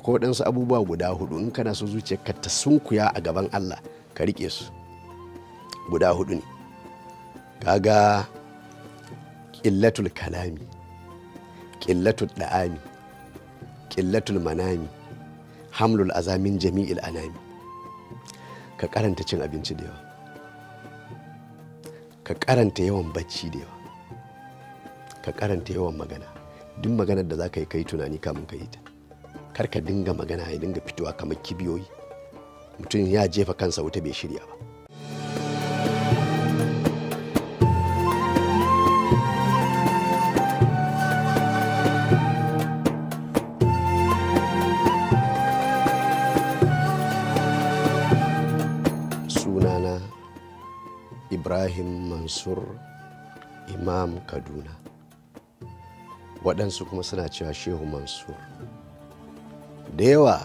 akwai waɗansu abubuwa guda hudu in kana so zuciyarka ta sunkuya a gaban Allah ka riƙe su guda hudu ne kaga ƙillatul kalami ƙillatul da'ami ƙillatul manami hamlul azamin jami'il anami ka karanta cin abinci da yawa ka karanta yawan bacci da yawa ka karanta yawan magana duk maganar da za ka yi ka yi tunani kamun ka yi ta kar ka dinga magana ya dinga fitowa kamar kibiyoyi mutum ya jefa kansa wuta bai shirya ba sunana ibrahim mansur imam kaduna waɗansu kuma suna cewa shehu mansur da yawa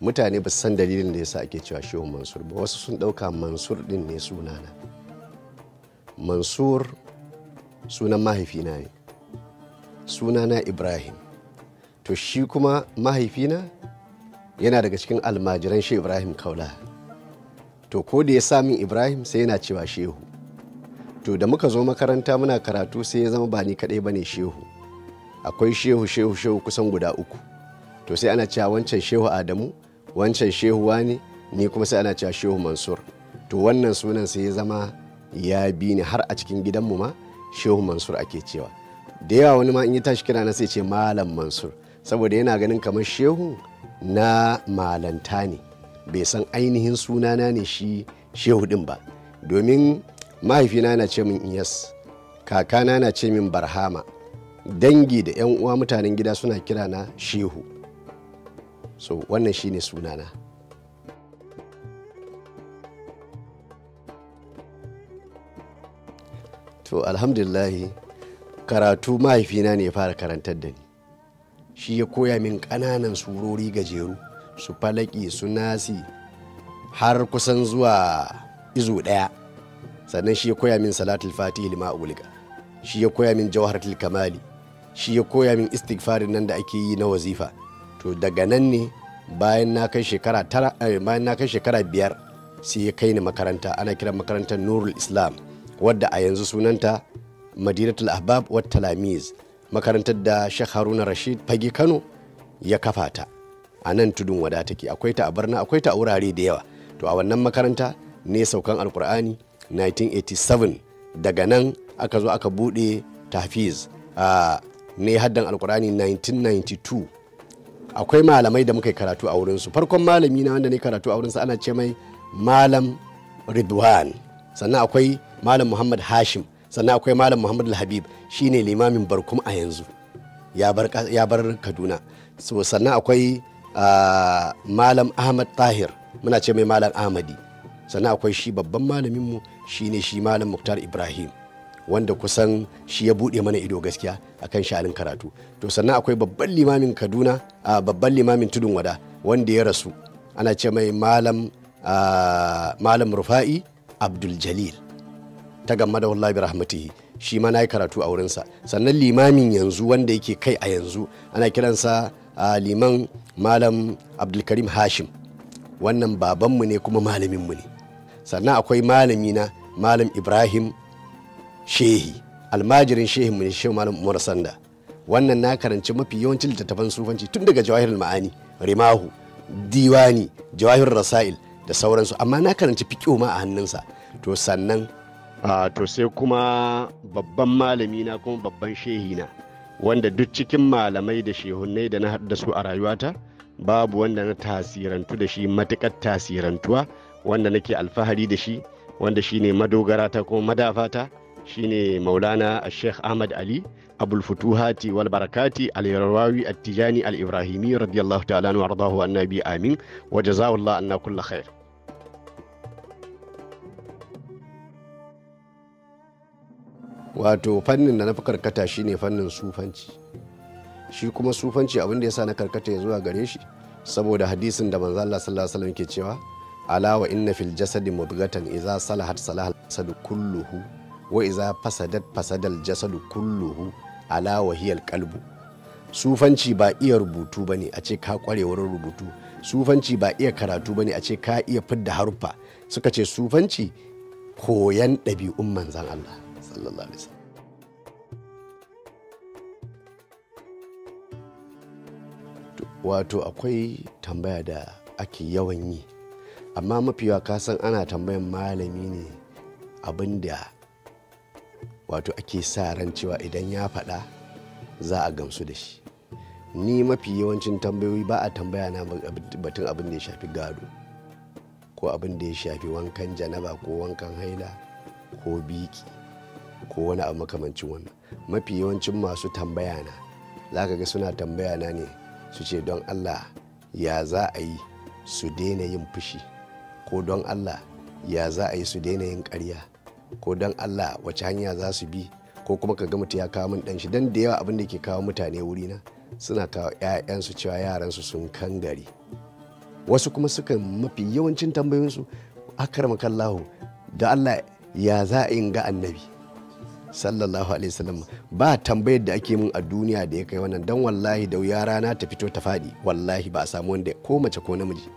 mutane ba san dalilin da yasa ake cewa shehu mansur ba wasu sun ɗauka mansur ɗin ne sunana mansur sunan mahaifina ne sunana ibrahim to shi kuma mahaifina yana daga cikin almajiran shi ibrahim kaula to ko da ya samin ibrahim sai yana cewa shehu to da muka zo makaranta muna karatu sai ya zama ba ni kaɗai ba ne shehu akwai shehu shehu shehu kusan guda uku to sai ana cewa wancan shehu adamu wancan shehu wani ni kuma sai ana cewa shehu mansur to wannan sunan sai ya zama ya bi ni har a cikin gidanmu ma shehu mansur ake cewa da yawa wani ma in ya tashi kira na sai ce malam mansur saboda yana ganin kamar shehu na malanta ne bai san ainihin sunana ne shi shehu din ba domin mahaifina na ce min iyas kakana na ce min barhama dangi da 'yan uwa mutanen gida suna kira na shehu so wannan shine sunana to alhamdulillahi karatu mahaifina ne ya fara karantar da ni shi ya koya min ƙananan surori gajeru su falaki su nasi har kusan zuwa izo ɗaya sannan shi ya koya min salatul fatih lima ulga shi ya koya min jawharatul kamali shi ya koya min istighfarin nan da ake yi na wazifa to daga nan ne bayan na kai shekara tara eh, bayan na kai shekara biyar sai ya kai ni makaranta ana kiran makarantar nurul islam wadda a yanzu sunanta madinatul ahbab wat talamiz makarantar da shekh Haruna Rashid Fage Kano ya kafa ta a nan tudun wada take akwai ta a Barna akwai ta a wurare da yawa to a wannan makaranta ne saukan alkur'ani 1987 daga nan aka zo aka bude tafiz a ah, ne haddan alkur'ani 1992 akwai malamai da muka yi karatu a wurinsu farkon malami na wanda ne karatu a wurinsa ana ce mai malam ridwan sannan akwai malam muhammad hashim sannan akwai malam muhammad habib ne limamin barkum a yanzu ya bar kaduna so sannan akwai ah, malam ahmad tahir muna ce mai malam ahmadi sannan akwai shi babban malaminmu shi ne shi malam muktar ibrahim wanda kusan shi ya buɗe mana ido gaskiya akan sha'anin karatu to sannan akwai babban limamin kaduna a babban limamin tudun wada wanda ya rasu ana ce mai malam malam rufa'i abdul jalil ta gamma da wallahi rahmatihi shi ma na yi karatu a wurinsa sannan limamin yanzu wanda yake kai a yanzu ana kiransa liman malam abdulkarim hashim wannan babanmu ne kuma malaminmu ne sannan akwai malamina malam ibrahim shehi almajirin shehin mu ne shehu malam umar sanda wannan na karanci mafi yawancin littattafan sufanci tun daga jawahirul ma'ani rimahu diwani jawahirul rasail da sauransu amma na karanci fiqhu ma a hannunsa to sannan to sai kuma babban malami na kuma babban shehi na wanda duk cikin malamai da shehunnai da na haɗu da su a rayuwata babu wanda na tasirantu da shi matuƙar tasirantuwa wanda nake alfahari da shi wanda shine madogara ta kuma madafata shine maulana sheikh ahmad ali abul futuhati wal barakati al yarwawi tijani al ibrahimi radiyallahu ta'ala radahu annabi amin wa jazawallahu anna kulla khair wato fannin da na fi karkata shine fannin sufanci shi kuma sufanci abin da sa na karkata ya zuwa gare shi saboda hadisin da manzo Allah sallallahu alaihi wasallam ke cewa ala wa inna fil jasadi mudghatan idza salahat salahat sadu kulluhu wa iza fasadat fasadal jasadu kulluhu ala wahiyal kalbu sufanci ba iya rubutu bane a ce ka kware wurin rubutu sufanci ba iya karatu bane a ce ka iya fidda haruffa suka ce sufanci koyan ɗabi'un manzan Allah sallallahu alaihi wasallam wato akwai tambaya da ake yawan yi amma mafiwa kasan ana tambayan malami ne abin da wato ake sa ran cewa idan ya faɗa za a gamsu da shi ni mafi yawancin tambayoyi ba a tambaya na batun abin da ya shafi gado ko abin da ya shafi wankan janaba ko wankan haila ko biki ko wani abu makamancin wannan mafi yawancin masu tambaya na za ka ga suna tambaya na ne su ce don allah ya za a yi su daina yin fushi ko don allah ya za a yi su daina yin karya ko don allah wace hanya za su bi ko kuma ka ga mutum ya kawo min dan shi dan da yawa abin da ke kawo mutane wuri na suna kawo 'ya'yansu cewa yaransu sun kan gari wasu kuma sukan mafi yawancin tambayoyinsu akarma kallahu da allah ya za a yin ga annabi sallallahu alaihi wasallam ba tambayar da ake mun a duniya da ya kai wannan dan wallahi da wuya rana ta fito ta fadi wallahi ba a samu wanda ko mace ko namiji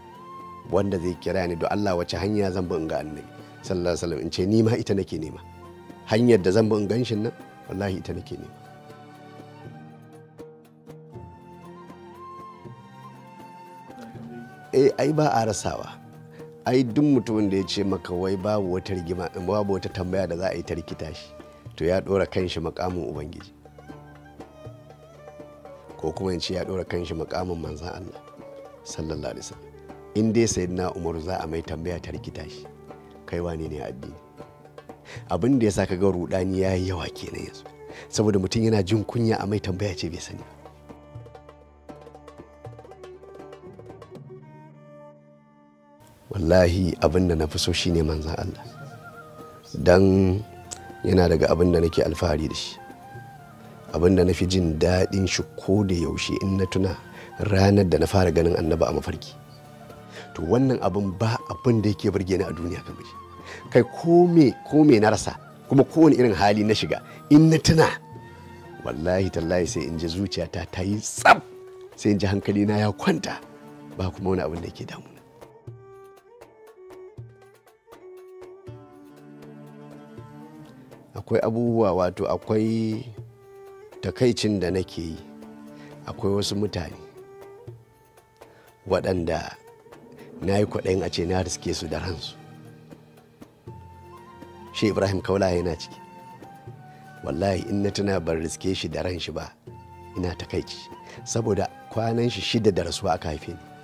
wanda zai kira ni do Allah wace hanya zan bi in ga annabi sallallahu alaihi in ce ni ma ita nake nema hanyar da zan bi in ganshin nan wallahi ita nake nema eh ai ba a rasawa ai duk mutumin da ya ce maka wai babu wata rigima babu wata tambaya da za a yi ta rikita shi to ya dora kanshi makamin ubangiji ko kuma in ce ya dora kanshi makamin manzan Allah sallallahu alaihi wasallam in dai sayyidina Umar za a mai tambaya ta rikita shi kai wane ne addini abin da ya sa ka ga rudani ya yi yawa kenan yanzu saboda mutum yana jin kunya a mai tambaya ce bai sani wallahi abin da na fi so ne manzan Allah don yana daga abin da nake alfahari da shi abin da na fi jin daɗin shi ko da yaushe in na tuna ranar da na fara ganin annaba a mafarki to wannan abin ba abin da yake burge ni a duniya kamar kai ko me ko me na rasa kuma kowane irin hali na shiga in na tuna wallahi tallahi sai in ji zuciyata ta yi tsab sai in ji hankali na ya kwanta ba kuma wani abin da yake damu akwai abubuwa wato akwai takaicin da nake yi akwai wasu mutane waɗanda na yi kwaɗayin a ce na riske su da ransu shi ibrahim kaula yana ciki wallahi in na tana ban riske shi da ran shi ba ina ta takaici saboda kwanan shi shida da rasuwa aka haife ni